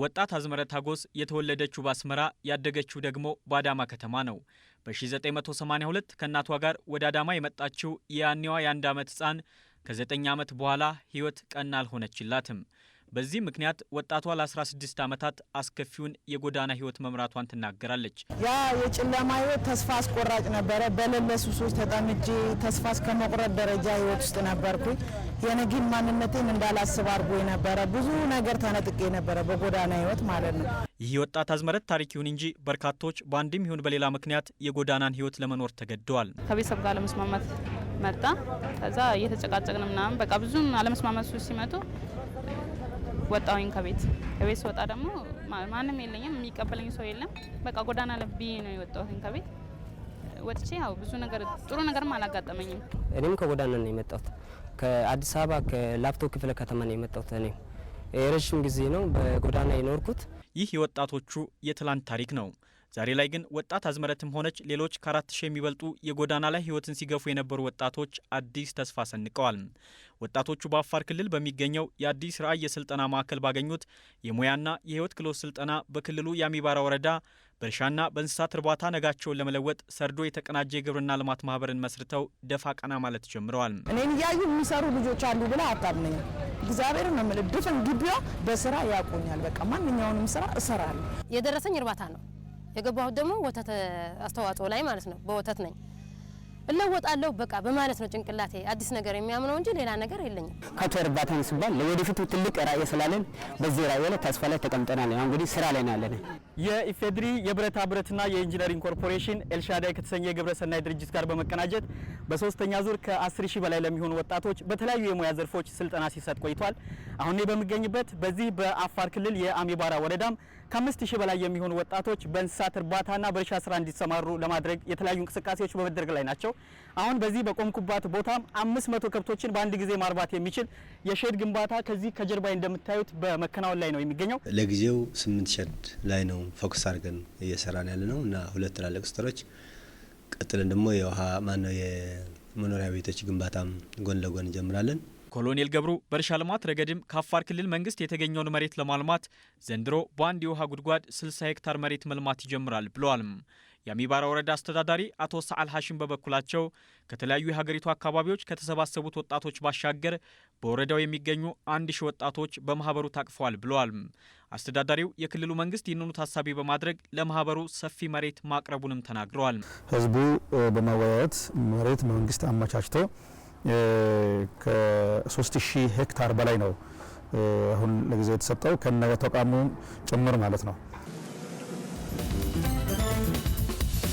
ወጣት አዝመረ ታጎስ የተወለደችው በአስመራ ያደገችው ደግሞ በአዳማ ከተማ ነው። በ1982 ከእናቷ ጋር ወደ አዳማ የመጣችው የያኔዋ የአንድ ዓመት ሕፃን ከ9 ዓመት በኋላ ሕይወት ቀና አልሆነችላትም። በዚህ ምክንያት ወጣቷ ለ16 ዓመታት አስከፊውን የጎዳና ህይወት መምራቷን ትናገራለች። ያ የጨለማ ህይወት ተስፋ አስቆራጭ ነበረ። በሌለ ሱሶች ተጠምጄ ተስፋ እስከመቁረጥ ደረጃ ህይወት ውስጥ ነበርኩኝ። የነጊን ማንነቴን እንዳላስብ አድርጎ የነበረ ብዙ ነገር ተነጥቄ የነበረ በጎዳና ህይወት ማለት ነው። ይህ የወጣት አዝመረት ታሪክ ይሁን እንጂ በርካቶች በአንድም ይሁን በሌላ ምክንያት የጎዳናን ህይወት ለመኖር ተገደዋል። ከቤተሰብ ጋር ለመስማማት መጣ። ከዛ እየተጨቃጨቅን ምናምን በቃ ብዙም አለመስማማት ሲመጡ ወጣውኝ ከቤት ከቤት ስወጣ ደግሞ ማንም የለኝም፣ የሚቀበለኝ ሰው የለም። በቃ ጎዳና ለብዬ ነው የወጣሁኝ ከቤት ወጥቼ ያው ብዙ ነገር ጥሩ ነገርም አላጋጠመኝም። እኔም ከጎዳና ነው የመጣሁት። ከአዲስ አበባ ከላፍቶ ክፍለ ከተማ ነው የመጣሁት። እኔም የረዥም ጊዜ ነው በጎዳና የኖርኩት። ይህ የወጣቶቹ የትላንት ታሪክ ነው። ዛሬ ላይ ግን ወጣት አዝመረትም ሆነች ሌሎች ከአራት ሺህ የሚበልጡ የጎዳና ላይ ህይወትን ሲገፉ የነበሩ ወጣቶች አዲስ ተስፋ ሰንቀዋል። ወጣቶቹ በአፋር ክልል በሚገኘው የአዲስ ራዕይ የስልጠና ማዕከል ባገኙት የሙያና የህይወት ክህሎት ስልጠና በክልሉ የአሚባራ ወረዳ በእርሻና በእንስሳት እርባታ ነጋቸውን ለመለወጥ ሰርዶ የተቀናጀ የግብርና ልማት ማህበርን መስርተው ደፋ ቀና ማለት ጀምረዋል። እኔን እያዩ የሚሰሩ ልጆች አሉ ብለ አታምነኝ። እግዚአብሔር ነው የምልህ። ድፍን ግቢዋ በስራ ያቆኛል። በቃ ማንኛውንም ስራ እሰራለሁ። የደረሰኝ እርባታ ነው። የገባሁት ደግሞ ወተት አስተዋጽኦ ላይ ማለት ነው። በወተት ነኝ እለወጣለሁ በቃ በማለት ነው ጭንቅላቴ አዲስ ነገር የሚያምነው እንጂ ሌላ ነገር የለኝም። ከብት እርባታ ሲባል ለወደፊቱ ትልቅ ራዕይ ስላለን በዚህ ራዕይ ላይ ተስፋ ላይ ተቀምጠናል። አሁን እንግዲህ ስራ ላይ ያለን የኢፌድሪ የብረታ ብረትና የኢንጂነሪንግ ኮርፖሬሽን ኤልሻዳይ ከተሰኘ የግብረሰናይ ድርጅት ጋር በመቀናጀት በሶስተኛ ዙር ከ10 ሺህ በላይ ለሚሆኑ ወጣቶች በተለያዩ የሙያ ዘርፎች ስልጠና ሲሰጥ ቆይቷል። አሁን እኔ በሚገኝበት በዚህ በአፋር ክልል የአሚባራ ወረዳም ከአምስት ሺህ በላይ የሚሆኑ ወጣቶች በእንስሳት እርባታና በእርሻ ስራ እንዲሰማሩ ለማድረግ የተለያዩ እንቅስቃሴዎች በመደረግ ላይ ናቸው። አሁን በዚህ በቆምኩባት ቦታም 500 ከብቶችን በአንድ ጊዜ ማርባት የሚችል የሼድ ግንባታ ከዚህ ከጀርባ እንደምታዩት በመከናወን ላይ ነው የሚገኘው። ለጊዜው 8 ሼድ ላይ ነው ፎከስ አድርገን እየሰራን ያለ ነው እና ሁለት ትላልቅ ስተሮች ቀጥለን ደግሞ የውሃ ማነው የመኖሪያ ቤቶች ግንባታም ጎን ለጎን እንጀምራለን። ኮሎኔል ገብሩ በእርሻ ልማት ረገድም ከአፋር ክልል መንግስት የተገኘውን መሬት ለማልማት ዘንድሮ በአንድ የውሃ ጉድጓድ 60 ሄክታር መሬት መልማት ይጀምራል ብለዋልም። የአሚባራ ወረዳ አስተዳዳሪ አቶ ሰዓል ሀሽም በበኩላቸው ከተለያዩ የሀገሪቱ አካባቢዎች ከተሰባሰቡት ወጣቶች ባሻገር በወረዳው የሚገኙ አንድ ሺህ ወጣቶች በማህበሩ ታቅፈዋል ብለዋል። አስተዳዳሪው የክልሉ መንግስት ይህንኑ ታሳቢ በማድረግ ለማህበሩ ሰፊ መሬት ማቅረቡንም ተናግረዋል። ህዝቡ በመወያየት መሬት መንግስት አመቻችቶ ከ3000 ሄክታር በላይ ነው አሁን ለጊዜው የተሰጠው ከነ ተቋሙ ጭምር ማለት ነው።